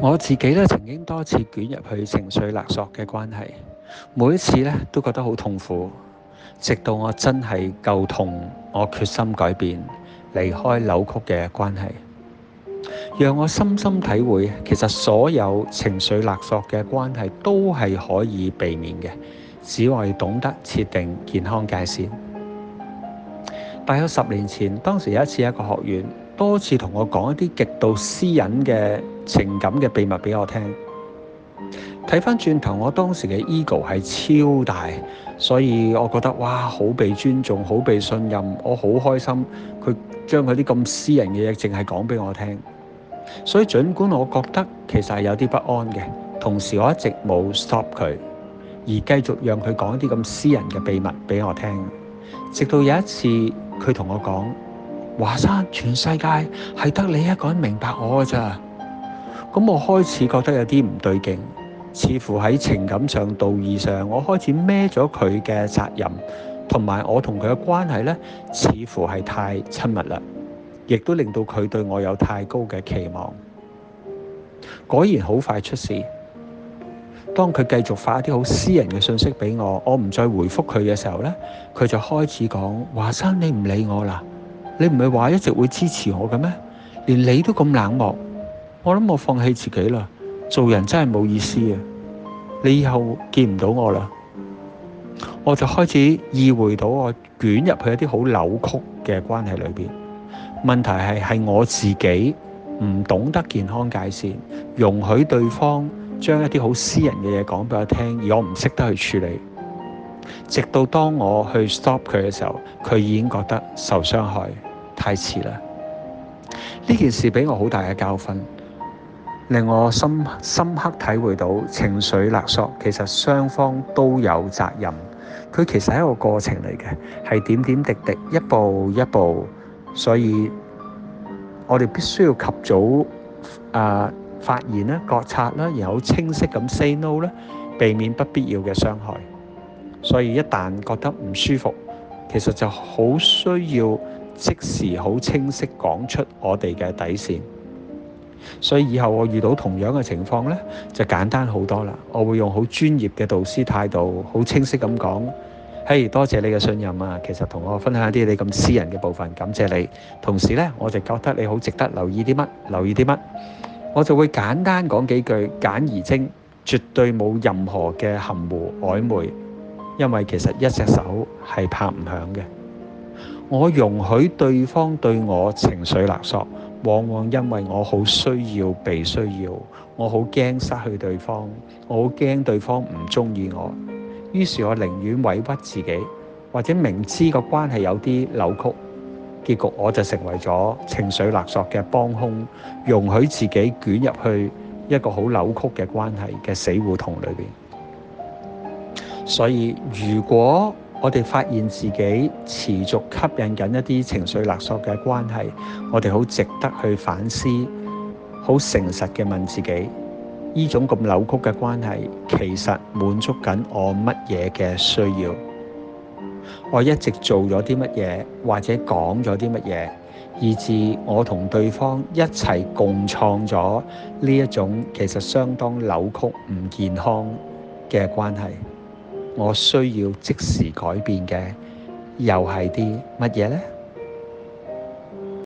我自己都曾經多次捲入去情緒勒索嘅關係，每一次咧都覺得好痛苦。直到我真係夠痛，我決心改變，離開扭曲嘅關係，讓我深深體會，其實所有情緒勒索嘅關係都係可以避免嘅，只要懂得設定健康界線。大約十年前，當時有一次一個學院。多次同我講一啲極度私隱嘅情感嘅秘密俾我聽。睇返轉頭，我當時嘅 ego 係超大，所以我覺得哇，好被尊重，好被信任，我好開心。佢將佢啲咁私人嘅嘢，淨係講俾我聽。所以，儘管我覺得其實係有啲不安嘅，同時我一直冇 stop 佢，而繼續讓佢講一啲咁私人嘅秘密俾我聽。直到有一次，佢同我講。華山，全世界係得你一個人明白我咋，噉我開始覺得有啲唔對勁，似乎喺情感上、道義上，我開始孭咗佢嘅責任，同埋我同佢嘅關係咧，似乎係太親密啦，亦都令到佢對我有太高嘅期望。果然好快出事，當佢繼續發一啲好私人嘅信息俾我，我唔再回覆佢嘅時候咧，佢就開始講，華山，你唔理我啦。你唔係話一直會支持我嘅咩？連你都咁冷漠，我諗我放棄自己啦。做人真係冇意思啊！你以後見唔到我啦，我就開始意會到我捲入去一啲好扭曲嘅關係裏邊。問題係，係我自己唔懂得健康界線，容許對方將一啲好私人嘅嘢講俾我聽，而我唔識得去處理。直到當我去 stop 佢嘅時候，佢已經覺得受傷害。太遲啦！呢件事俾我好大嘅教訓，令我深深刻體會到情緒勒索，其實雙方都有責任。佢其實係一個過程嚟嘅，係點點滴滴，一步一步。所以我哋必須要及早誒、呃、發現啦、覺察啦，然後清晰咁 say no 啦，避免不必要嘅傷害。所以一旦覺得唔舒服，其實就好需要。即時好清晰講出我哋嘅底線，所以以後我遇到同樣嘅情況呢，就簡單好多啦。我會用好專業嘅導師態度，好清晰咁講：嘿，多謝你嘅信任啊！其實同我分享一啲你咁私人嘅部分，感謝你。同時呢，我就覺得你好值得留意啲乜，留意啲乜，我就會簡單講幾句，簡而精，絕對冇任何嘅含糊曖昧，因為其實一隻手係拍唔響嘅。我容許對方對我情緒勒索，往往因為我好需要被需要，要我好驚失去對方，我好驚對方唔中意我，於是我寧願委屈自己，或者明知個關係有啲扭曲，結局我就成為咗情緒勒索嘅幫兇，容許自己捲入去一個好扭曲嘅關係嘅死胡同裏邊。所以如果我哋發現自己持續吸引緊一啲情緒勒索嘅關係，我哋好值得去反思，好誠實嘅問自己：呢種咁扭曲嘅關係，其實滿足緊我乜嘢嘅需要？我一直做咗啲乜嘢，或者講咗啲乜嘢，以至我同對方一齊共創咗呢一種其實相當扭曲、唔健康嘅關係。我需要即時改變嘅，又係啲乜嘢呢？